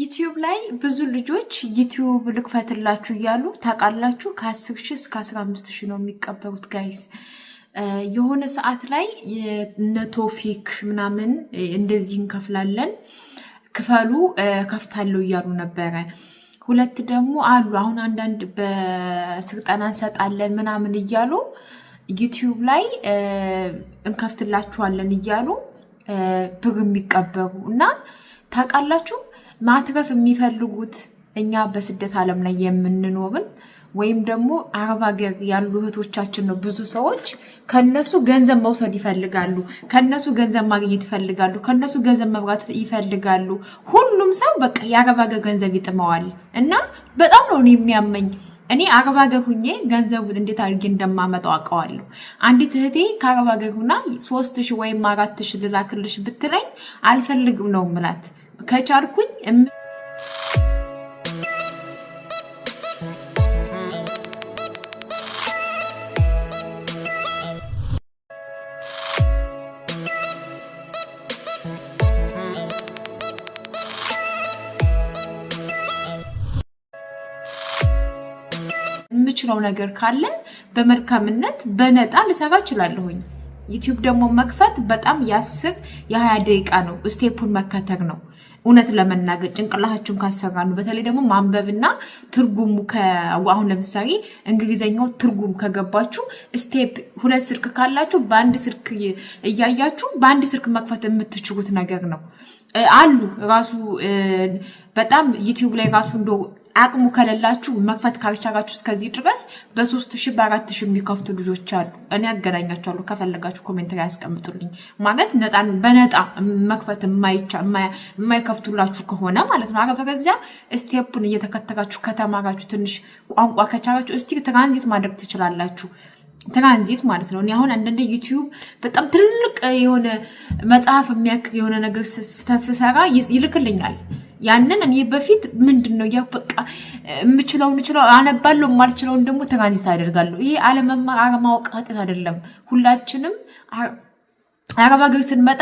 ዩትዩብ ላይ ብዙ ልጆች ዩትዩብ ልክፈትላችሁ እያሉ ታውቃላችሁ፣ 10 ሺህ እስከ 15 ሺህ ነው የሚቀበሩት ጋይስ። የሆነ ሰዓት ላይ ነቶፊክ ምናምን እንደዚህ እንከፍላለን ክፈሉ ከፍታለሁ እያሉ ነበረ። ሁለት ደግሞ አሉ አሁን አንዳንድ በስልጠና እንሰጣለን ምናምን እያሉ ዩትዩብ ላይ እንከፍትላችኋለን እያሉ ብር የሚቀበሩ እና ታውቃላችሁ ማትረፍ የሚፈልጉት እኛ በስደት ዓለም ላይ የምንኖርን ወይም ደግሞ አረብ ሀገር ያሉ እህቶቻችን ነው። ብዙ ሰዎች ከነሱ ገንዘብ መውሰድ ይፈልጋሉ፣ ከነሱ ገንዘብ ማግኘት ይፈልጋሉ፣ ከነሱ ገንዘብ መብራት ይፈልጋሉ። ሁሉም ሰው በቃ የአረብ ሀገር ገንዘብ ይጥመዋል እና በጣም ነው የሚያመኝ። እኔ አረብ ሀገር ሁኜ ገንዘቡ እንዴት አድርጌ እንደማመጣው አውቀዋለሁ። አንዲት እህቴ ከአረብ ሀገር ሁና ሶስት ሺ ወይም አራት ሺ ልላክልሽ ብትለኝ አልፈልግም ነው ምላት ከቻርኩኝ የምችለው ነገር ካለ በመልካምነት በነጣ ልሰራ እችላለሁኝ። ዩቲዩብ ደግሞ መክፈት በጣም የአስር የሀያ ደቂቃ ነው። ስቴፑን መከተግ ነው። እውነት ለመናገር ጭንቅላታችሁን ካሰጋሉ በተለይ ደግሞ ማንበብና ትርጉሙ አሁን ለምሳሌ እንግሊዘኛው ትርጉም ከገባችሁ ስቴፕ ሁለት ስልክ ካላችሁ በአንድ ስልክ እያያችሁ በአንድ ስልክ መክፈት የምትችሉት ነገር ነው። አሉ ራሱ በጣም ዩቲዩብ ላይ ራሱ እንደ አቅሙ ከሌላችሁ መክፈት ካልቻላችሁ እስከዚህ ድረስ በሶስት ሺ በአራት ሺህ የሚከፍቱ ልጆች አሉ። እኔ ያገናኛችኋለሁ ከፈለጋችሁ ኮሜንት ላይ ያስቀምጡልኝ። ማለት በነጣ መክፈት የማይከፍቱላችሁ ከሆነ ማለት ነው። አለበለዚያ ስቴፑን እየተከተላችሁ ከተማራችሁ ትንሽ ቋንቋ ከቻላችሁ እስቲ ትራንዚት ማድረግ ትችላላችሁ። ትራንዚት ማለት ነው። እኔ አሁን አንዳንድ ዩቲዩብ በጣም ትልቅ የሆነ መጽሐፍ የሚያክል የሆነ ነገር ስሰራ ይልክልኛል ያንን እኔ በፊት ምንድን ነው ያው በቃ የምችለው ምችለው አነባለሁ፣ የማልችለውን ደግሞ ተጋዜጣ አደርጋለሁ። ይሄ አለማወቅ ኃጢአት አይደለም። ሁላችንም አረብ ሀገር ስንመጣ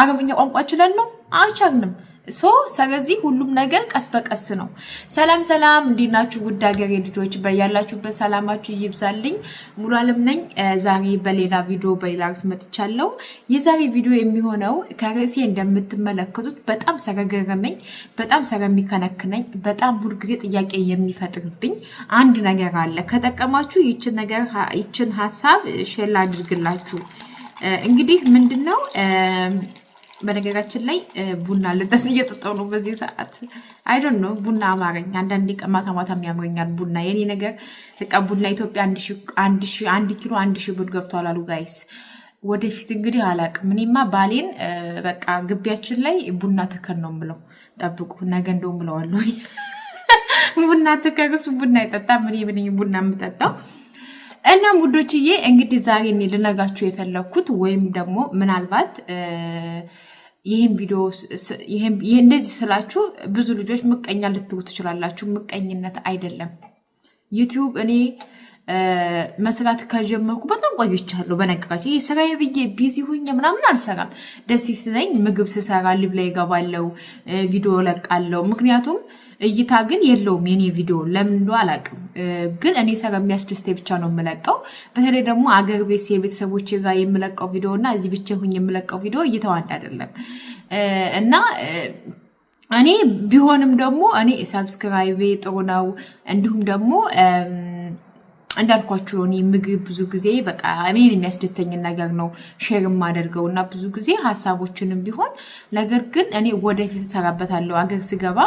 አረብኛ ቋንቋ ችለን ነው አልቻልንም። ሶ ስለዚህ ሁሉም ነገር ቀስ በቀስ ነው። ሰላም ሰላም፣ እንዲናችሁ ናችሁ ውድ ሀገሬ ልጆች? በያላችሁበት ሰላማችሁ ይብዛልኝ። ሙሉ አለም ነኝ። ዛሬ በሌላ ቪዲዮ በሌላ ርዕስ መጥቻለሁ። የዛሬ ቪዲዮ የሚሆነው ከርዕሴ እንደምትመለከቱት በጣም ሰረገረመኝ፣ በጣም ሰረሚከነክነኝ፣ በጣም ሁል ጊዜ ጥያቄ የሚፈጥርብኝ አንድ ነገር አለ። ከጠቀማችሁ ይችን ነገር ይችን ሀሳብ ሼል አድርግላችሁ እንግዲህ ምንድን ነው በነገራችን ላይ ቡና ልጠት እየጠጣሁ ነው በዚህ ሰዓት። አይዶን ነው ቡና አማረኝ። አንዳንዴ ቀን ማታም ያምረኛል ቡና። የኔ ነገር በቃ ቡና ኢትዮጵያ አንድ ኪሎ አንድ ሺህ ብር ገብቷል አሉ ጋይስ። ወደፊት እንግዲህ አላቅም። እኔማ ባሌን በቃ ግቢያችን ላይ ቡና ትከን ነው ምለው፣ ጠብቁ ነገ እንደው ምለዋለሁ ቡና ተከል። እሱ ቡና አይጠጣም፣ እኔ ቡና የምጠጣው እናም ውዶችዬ እንግዲህ ዛሬ እኔ ልነጋችሁ የፈለግኩት ወይም ደግሞ ምናልባት ይህን ቪዲዮ እንደዚህ ስላችሁ ብዙ ልጆች ምቀኛ ልትጉ ትችላላችሁ። ምቀኝነት አይደለም። ዩቲዩብ እኔ መስራት ከጀመርኩ በጣም ቆይቻለሁ። በነገራችን ይህ ስራዬ ብዬ ቢዚ ሁኜ ምናምን አልሰራም። ደስ ሲለኝ ምግብ ስሰራ ልብ ላይ ይገባለው፣ ቪዲዮ ለቃለው። ምክንያቱም እይታ ግን የለውም የኔ ቪዲዮ ለምንዶ አላውቅም። ግን እኔ ሰ የሚያስደስቴ ብቻ ነው የምለቀው። በተለይ ደግሞ አገር ቤት የቤተሰቦች ጋር የምለቀው ቪዲዮ እና እዚህ ብቻ ሁኝ የምለቀው ቪዲዮ እይታው አንድ አይደለም እና እኔ ቢሆንም ደግሞ እኔ ሰብስክራይቤ ጥሩ ነው እንዲሁም ደግሞ እንዳልኳችሁ ነው። እኔ ምግብ ብዙ ጊዜ በቃ እኔን የሚያስደስተኝን ነገር ነው ሼር የማደርገው እና ብዙ ጊዜ ሀሳቦችንም ቢሆን ነገር ግን እኔ ወደፊት እሰራበታለሁ። አገር ስገባ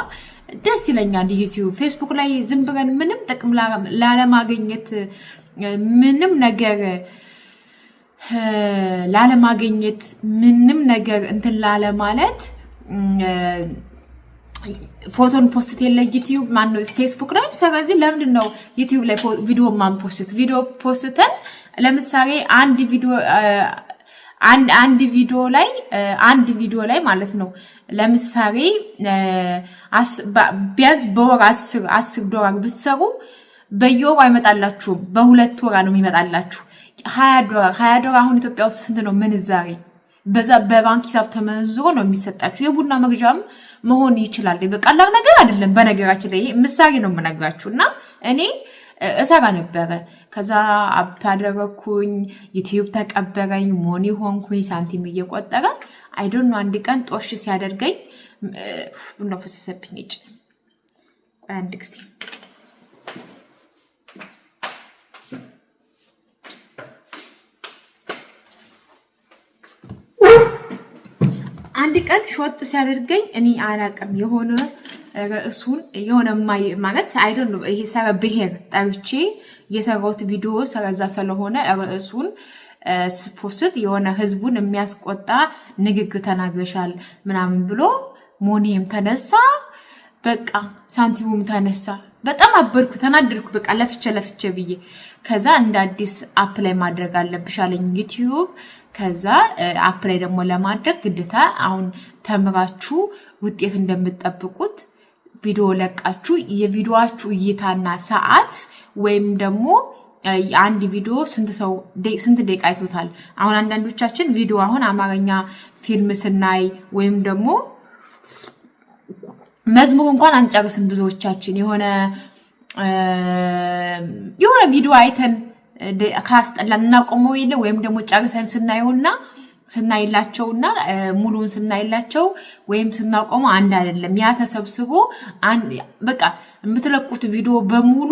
ደስ ይለኛል። ዩቲዩብ፣ ፌስቡክ ላይ ዝም ብለን ምንም ጥቅም ላለማገኘት ምንም ነገር ላለማገኘት ምንም ነገር እንትን ላለማለት ፎቶን ፖስት የለ ዩቲዩብ ማነው ፌስቡክ ላይ። ስለዚህ ለምንድን ነው ዩቲዩብ ላይ ቪዲዮ ማን ፖስት ቪዲዮ ፖስትን ለምሳሌ አንድ ቪዲዮ አንድ አንድ ቪዲዮ ላይ አንድ ቪዲዮ ላይ ማለት ነው ለምሳሌ ቢያንስ በወር አስር አስር ዶላር ብትሰሩ በየወሩ አይመጣላችሁም። በሁለት ወራ ነው የሚመጣላችሁ ሀያ ዶላር ሀያ ዶላር አሁን ኢትዮጵያ ውስጥ ስንት ነው ምንዛሬ? በዛ በባንክ ሂሳብ ተመዝዞ ነው የሚሰጣችሁ። የቡና መግዣም መሆን ይችላል። በቀላል ነገር አይደለም። በነገራችን ላይ ይሄ ምሳሌ ነው የምነግራችሁ እና እኔ እሰራ ነበረ። ከዛ አፕ አደረግኩኝ፣ ዩትዩብ ተቀበረኝ፣ ሞኒ ሆንኩኝ፣ ሳንቲም እየቆጠረ አይዶኖ። አንድ ቀን ጦሽ ሲያደርገኝ ቡና ፈሰሰብኝ እጭ አንድ ጊዜ አንድ ቀን ሾጥ ሲያደርገኝ እኔ አላቅም የሆነ ርዕሱን የሆነ ማለት አይደል ይሄ ስለ ብሔር ጠርቼ የሰራሁት ቪዲዮ ስለዛ ስለሆነ ርዕሱን ስፖስት የሆነ ህዝቡን የሚያስቆጣ ንግግር ተናግረሻል ምናምን ብሎ ሞኒም ተነሳ፣ በቃ ሳንቲሙም ተነሳ። በጣም አበርኩ፣ ተናደድኩ። በቃ ለፍቼ ለፍቼ ብዬ ከዛ እንደ አዲስ አፕ ላይ ማድረግ አለብሽ አለኝ ዩቲዩብ። ከዛ አፕ ላይ ደግሞ ለማድረግ ግዴታ አሁን ተምራችሁ ውጤት እንደምትጠብቁት ቪዲዮ ለቃችሁ የቪዲዮችሁ እይታና ሰዓት ወይም ደግሞ አንድ ቪዲዮ ስንት ሰው ስንት ደቂቃ አይቶታል። አሁን አንዳንዶቻችን ቪዲዮ አሁን አማርኛ ፊልም ስናይ ወይም ደግሞ መዝሙር እንኳን አንጨርስም። ብዙዎቻችን የሆነ የሆነ ቪዲዮ አይተን ካስጠላን እናቆመው የለ ወይም ደግሞ ጨርሰን ስናየውና ስናይላቸውና ሙሉን ስናይላቸው ወይም ስናቆመው አንድ አይደለም። ያ ተሰብስቦ በቃ የምትለቁት ቪዲዮ በሙሉ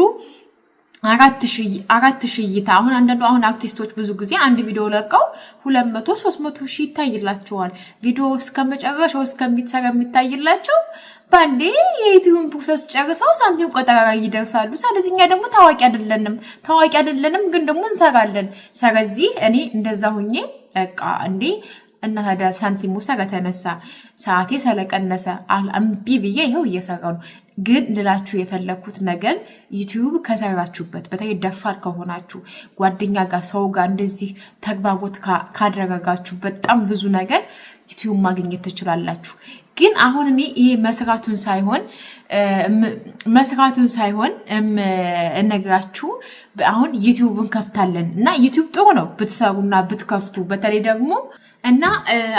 አራት ሺህ እይታ አሁን አንዳንዱ አሁን አርቲስቶች ብዙ ጊዜ አንድ ቪዲዮ ለቀው ሁለት መቶ ሶስት መቶ ሺህ ይታይላቸዋል። ቪዲዮ እስከ መጨረሻው እስከሚሰራ የሚታይላቸው በአንዴ የዩቲዩብን ፕሮሰስ ጨርሰው ሳንቲም ቆጠራ ይደርሳሉ። ስለዚህ እኛ ደግሞ ታዋቂ አይደለንም፣ ታዋቂ አይደለንም ግን ደግሞ እንሰራለን። ስለዚህ እኔ እንደዛ ሁኜ በቃ እንዴ እና ታዲያ ውሳ ከተነሳ ሰዓቴ ስለቀነሰ እምቢ ብዬ ይኸው እየሰራው ነው። ግን ልላችሁ የፈለግኩት ነገር ዩቲዩብ ከሰራችሁበት፣ በተለይ ደፋር ከሆናችሁ ጓደኛ ጋር ሰው ጋር እንደዚህ ተግባቦት ካደረጋችሁ በጣም ብዙ ነገር ዩቲዩብ ማግኘት ትችላላችሁ። ግን አሁን እኔ ይሄ መስራቱን ሳይሆን መስራቱን ሳይሆን እነግራችሁ አሁን ዩቲዩብን ከፍታለን እና ዩቲዩብ ጥሩ ነው ብትሰሩና ብትከፍቱ በተለይ ደግሞ እና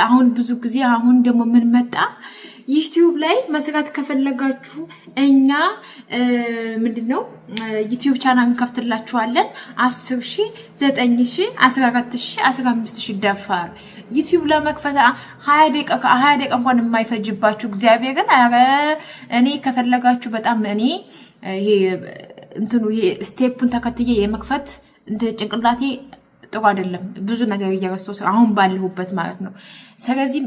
አሁን ብዙ ጊዜ አሁን ደግሞ ምን መጣ ዩቲዩብ ላይ መስራት ከፈለጋችሁ እኛ ምንድን ነው ዩቲዩብ ቻናል እንከፍትላችኋለን። አስር ሺ ዘጠኝ ሺ አስራ አራት ሺ አስራ አምስት ሺ ደፋር ዩቲዩብ ለመክፈት ሀያ ደቂቃ እንኳን የማይፈጅባችሁ እግዚአብሔርን። ኧረ እኔ ከፈለጋችሁ በጣም እኔ ይሄ እንትኑ ይሄ ስቴፑን ተከትዬ የመክፈት እንትን ጭንቅላቴ ጥሩ አይደለም። ብዙ ነገር ስራ አሁን ባለሁበት ማለት ነው። ስለዚህ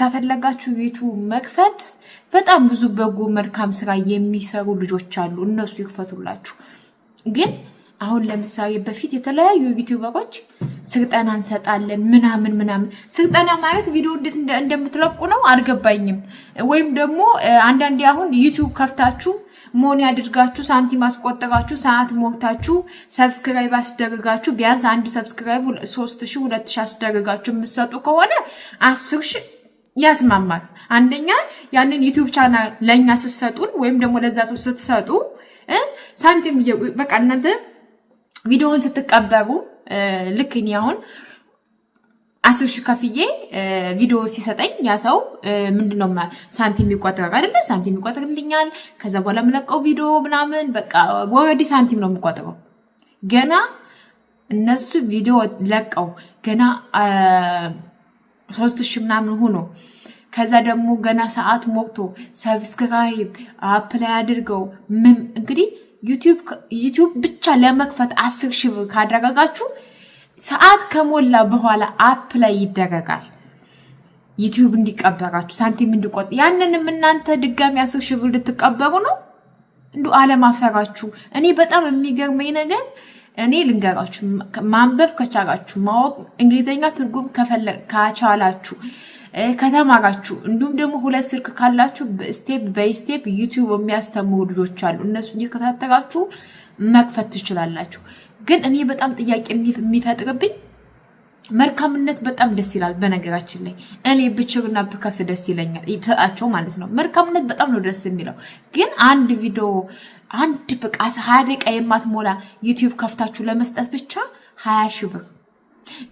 ከፈለጋችሁ ቤቱ መክፈት በጣም ብዙ በጎ መልካም ስራ የሚሰሩ ልጆች አሉ። እነሱ ይክፈቱላችሁ። ግን አሁን ለምሳሌ በፊት የተለያዩ ዩቲዩበሮች ስልጠና እንሰጣለን ምናምን ምናምን። ስልጠና ማለት ቪዲዮ እንዴት እንደምትለቁ ነው አልገባኝም። ወይም ደግሞ አንዳንዴ አሁን ዩቲዩብ ከፍታችሁ ሞን ያድርጋችሁ ሳንቲም አስቆጠራችሁ ሰዓት ሞታችሁ ሰብስክራይብ አስደረጋችሁ ቢያንስ አንድ ሰብስክራይብ ሶስት ሺ ሁለት ሺ የምትሰጡ ከሆነ አስር ሺ ያስማማል። አንደኛ ያንን ዩቲዩብ ቻናል ለእኛ ስትሰጡን ወይም ደግሞ ለዛ ሰው ስትሰጡ ሳንቲም በቃ እናንተ ቪዲዮውን ስትቀበሩ ልክ እኔ አሁን አስር ሺህ ከፍዬ ቪዲዮ ሲሰጠኝ ያ ሰው ምንድነው ሳንቲም የሚቆጥር አይደለ? ሳንቲም ይቆጥርልኛል። ከዛ በኋላ የምለቀው ቪዲዮ ምናምን በቃ ወረዲ ሳንቲም ነው የሚቆጥረው። ገና እነሱ ቪዲዮ ለቀው ገና ሶስት ሺህ ምናምን ሆኖ ከዛ ደግሞ ገና ሰዓት ሞቅቶ ሰብስክራይብ አፕላይ አድርገው እንግዲህ ዩቲዩብ ብቻ ለመክፈት አስር ሺህ ካደረጋችሁ ሰዓት ከሞላ በኋላ አፕ ላይ ይደረጋል። ዩቲዩብ እንዲቀበራችሁ ሳንቲም እንዲቆጥ ያንንም እናንተ ድጋሚ አስር ሺህ ብር ልትቀበሩ ነው። እንዱ አፈራችሁ እኔ በጣም የሚገርመኝ ነገር እኔ ልንገራችሁ፣ ማንበብ ከቻላችሁ ማወቅ እንግሊዝኛ ትርጉም ከቻላችሁ ከተማራችሁ፣ እንዲሁም ደግሞ ሁለት ስልክ ካላችሁ ስቴፕ በስቴፕ ስቴፕ ዩቲዩብ የሚያስተምሩ ልጆች አሉ። እነሱ እንዲከታተላችሁ መክፈት ትችላላችሁ። ግን እኔ በጣም ጥያቄ የሚፈጥርብኝ መልካምነት በጣም ደስ ይላል። በነገራችን ላይ እኔ ብችርና ብከፍት ደስ ይለኛል፣ ይሰጣቸው ማለት ነው። መልካምነት በጣም ነው ደስ የሚለው። ግን አንድ ቪዲዮ አንድ በቃ ሀያ ደቂቃ የማትሞላ ዩቲዩብ ከፍታችሁ ለመስጠት ብቻ ሀያ ሺህ ብር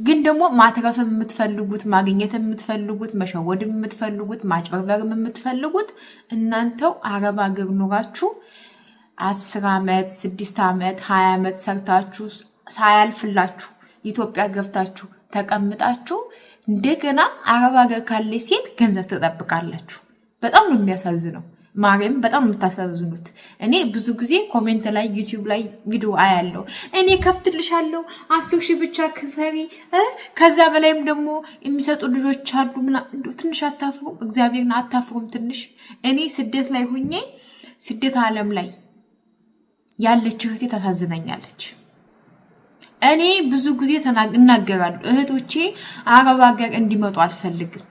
ግን ደግሞ ማትረፍ የምትፈልጉት ማግኘት የምትፈልጉት መሸወድ የምትፈልጉት ማጭበርበር የምትፈልጉት እናንተው አረብ አገር ኑራችሁ አስር ዓመት ስድስት ዓመት ሀያ ዓመት ሰርታችሁ ሳያልፍላችሁ ኢትዮጵያ ገብታችሁ ተቀምጣችሁ እንደገና አረብ ሀገር ካለ ሴት ገንዘብ ትጠብቃላችሁ። በጣም ነው የሚያሳዝነው። ማርያም በጣም የምታሳዝኑት። እኔ ብዙ ጊዜ ኮሜንት ላይ ዩቲዩብ ላይ ቪዲዮ አያለው። እኔ ከፍትልሻለሁ አስር ሺህ ብቻ ክፈሪ፣ ከዛ በላይም ደግሞ የሚሰጡ ልጆች አሉ። ትንሽ አታፍሩም? እግዚአብሔርን አታፍሩም? ትንሽ እኔ ስደት ላይ ሁኜ ስደት አለም ላይ ያለች እህቴ ታሳዝነኛለች። እኔ ብዙ ጊዜ እናገራለሁ፣ እህቶቼ አረብ ሀገር እንዲመጡ አልፈልግም።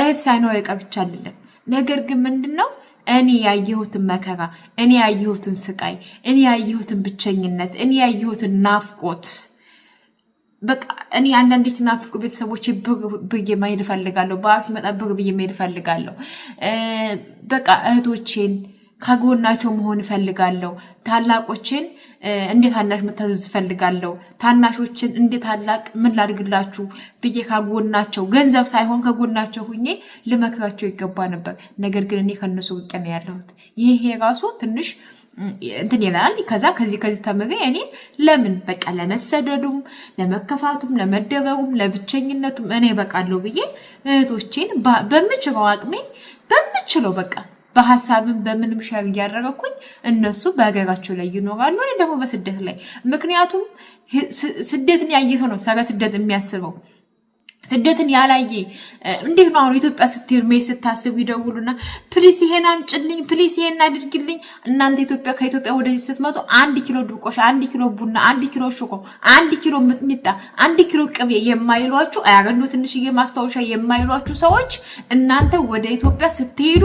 እህት ሳይኖር ይቀርቻ አይደለም። ነገር ግን ምንድን ነው እኔ ያየሁትን መከራ፣ እኔ ያየሁትን ስቃይ፣ እኔ ያየሁትን ብቸኝነት፣ እኔ ያየሁትን ናፍቆት በቃ እኔ አንዳንዴ ናፍቁ ቤተሰቦች ብር ብዬ መሄድ እፈልጋለሁ። በአክስ መጣ ብር ብዬ መሄድ እፈልጋለሁ። በቃ እህቶቼን ከጎናቸው መሆን እፈልጋለሁ። ታላቆችን እንደ ታናሽ መታዘዝ እፈልጋለሁ። ታናሾችን እንደ ታላቅ ምን ላድርግላችሁ ብዬ ከጎናቸው ገንዘብ ሳይሆን ከጎናቸው ሁኜ ልመክራቸው ይገባ ነበር። ነገር ግን እኔ ከነሱ ውጭ ነው ያለሁት። ይሄ ራሱ ትንሽ እንትን ይላል። ከዛ ከዚህ ከዚህ ተምሬ እኔ ለምን በቃ ለመሰደዱም፣ ለመከፋቱም፣ ለመደበሩም፣ ለብቸኝነቱም እኔ በቃለሁ ብዬ እህቶቼን በምችለው አቅሜ በምችለው በቃ በሀሳብም በምንም ሸር እያደረገኩኝ እነሱ በሀገራቸው ላይ ይኖራሉ፣ ደግሞ በስደት ላይ ምክንያቱም ስደትን ያየ ሰው ነው ስለ ስደት የሚያስበው። ስደትን ያላየ እንዴት ነው አሁን ኢትዮጵያ ስትሄድ መሄድ ስታስቡ ይደውሉና ፕሊስ ይሄን አምጭልኝ፣ ፕሊስ ይሄን አድርግልኝ። እናንተ ኢትዮጵያ ከኢትዮጵያ ወደዚህ ስትመጡ አንድ ኪሎ ድርቆሽ፣ አንድ ኪሎ ቡና፣ አንድ ኪሎ ሽኮ፣ አንድ ኪሎ ሚጥሚጣ፣ አንድ ኪሎ ቅቤ የማይሏችሁ አያገንዶ ትንሽዬ ማስታወሻ የማይሏችሁ ሰዎች እናንተ ወደ ኢትዮጵያ ስትሄዱ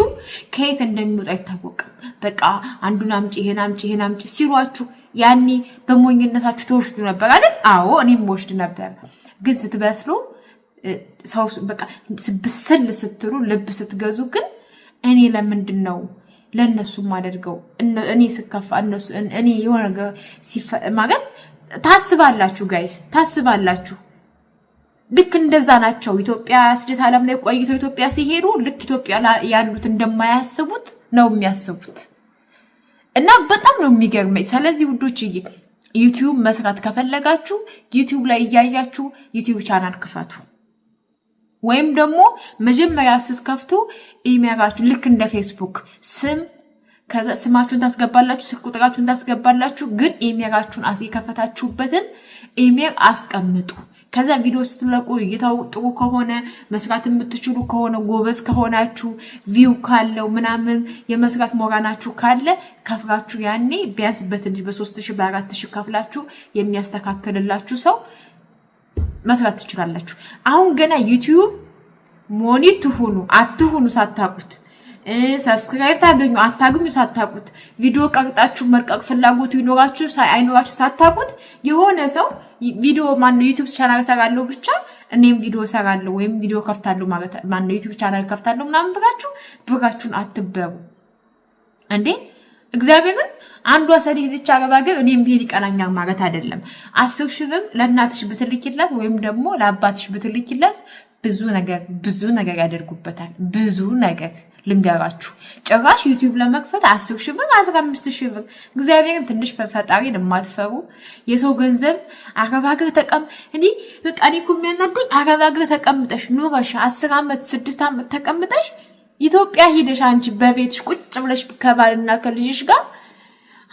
ከየት እንደሚወጣ አይታወቅም። በቃ አንዱን አምጭ፣ ይሄን አምጭ፣ ይሄን አምጭ ሲሏችሁ ያኔ በሞኝነታችሁ ትወስዱ ነበር አይደል? አዎ እኔም ወስድ ነበር ግን ስትበስሉ ሰው በቃ ብስል ስትሉ ልብ ስትገዙ፣ ግን እኔ ለምንድን ነው ለእነሱ ማደርገው? እኔ ስከፋ እነሱ እኔ የሆነ ማለት ታስባላችሁ፣ ጋይስ ታስባላችሁ። ልክ እንደዛ ናቸው። ኢትዮጵያ ስደት ዓለም ላይ ቆይተው ኢትዮጵያ ሲሄዱ ልክ ኢትዮጵያ ያሉት እንደማያስቡት ነው የሚያስቡት እና በጣም ነው የሚገርመኝ። ስለዚህ ውዶችዬ ዩቲዩብ መስራት ከፈለጋችሁ ዩቲዩብ ላይ እያያችሁ ዩቲዩብ ቻናል ክፈቱ። ወይም ደግሞ መጀመሪያ ስትከፍቱ ኢሜይላችሁ ልክ እንደ ፌስቡክ ስም ከዛ ስማችሁን ታስገባላችሁ፣ ስልክ ቁጥራችሁን ታስገባላችሁ። ግን ኢሜይላችሁን የከፈታችሁበትን ኢሜል አስቀምጡ። ከዛ ቪዲዮ ስትለቁ እይታው ጥሩ ከሆነ መስራት የምትችሉ ከሆነ ጎበዝ ከሆናችሁ ቪው ካለው ምናምን የመስራት ሞራናችሁ ካለ ከፍራችሁ ያኔ ቢያንስ በትንሽ በሶስት ሺህ በአራት ሺህ ከፍላችሁ የሚያስተካክልላችሁ ሰው መስራት ትችላላችሁ። አሁን ገና ዩቲዩብ ሞኒ ትሁኑ አትሁኑ ሳታቁት፣ ሰብስክራይብ ታገኙ አታገኙ ሳታቁት፣ ቪዲዮ ቀርጣችሁ መልቀቅ ፍላጎቱ ይኖራችሁ አይኖራችሁ ሳታቁት፣ የሆነ ሰው ቪዲዮ ማነው ዩቲዩብ ቻናል እሰራለሁ ብቻ እኔም ቪዲዮ እሰራለሁ ወይም ቪዲዮ ከፍታለሁ ማለት ማነው ዩቲዩብ ቻናል ከፍታለሁ ምናምን ብላችሁ ብራችሁን አትበሩ እንዴ። እግዚአብሔርን አንዷ ሰሪ ሄደች አገባ ሀገር እኔም ብሄድ ይቀናኛል ማለት አይደለም። አስር ሽብም ለእናትሽ ብትልኪላት ወይም ደግሞ ለአባትሽ ብትልኪላት ብዙ ነገር ብዙ ነገር ያደርጉበታል። ብዙ ነገር ልንገራችሁ፣ ጭራሽ ዩቲዩብ ለመክፈት አስር ሺህ ብር አስራ አምስት ሺህ ብር። እግዚአብሔርን ትንሽ ፈጣሪን የማትፈሩ የሰው ገንዘብ አረብ ሀገር ተቀም እኔ በቃ እኔ እኮ የሚያናዱኝ አረብ ሀገር ተቀምጠሽ ኑረሽ አስር ዓመት ስድስት ዓመት ተቀምጠሽ ኢትዮጵያ ሂደሽ አንቺ በቤትሽ ቁጭ ብለሽ ከባልና ከልጅሽ ጋር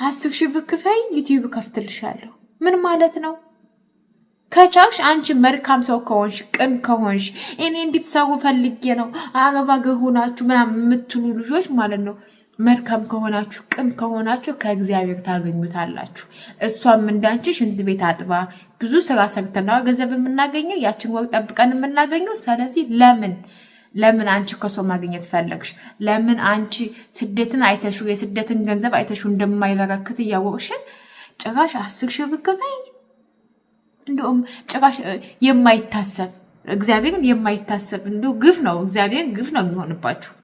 አስር ሺህ ብክፈይ ዩቲዩብ ከፍትልሻለሁ። ምን ማለት ነው? ከቻክሽ አንቺ መልካም ሰው ከሆንሽ ቅን ከሆንሽ እኔ እንዲትሰሩ ፈልጌ ነው አረብ ገሆናችሁ ሆናችሁ ምናምን የምትሉ ልጆች ማለት ነው። መልካም ከሆናችሁ ቅን ከሆናችሁ ከእግዚአብሔር ታገኙታላችሁ። እሷም እንዳንቺ ሽንት ቤት አጥባ ብዙ ስራ ሰርተናዋ ገንዘብ የምናገኘው ያችን ወር ጠብቀን የምናገኘው። ስለዚህ ለምን ለምን አንቺ ከሰው ማግኘት ፈለግሽ? ለምን አንቺ ስደትን አይተሹ የስደትን ገንዘብ አይተሹ እንደማይበረክት እያወቅሽን ጭራሽ አስር ሺህ ብገበኝ እንዲሁም ጭራሽ የማይታሰብ እግዚአብሔርን የማይታሰብ እንዲሁ ግፍ ነው። እግዚአብሔርን ግፍ ነው የሚሆንባችሁ።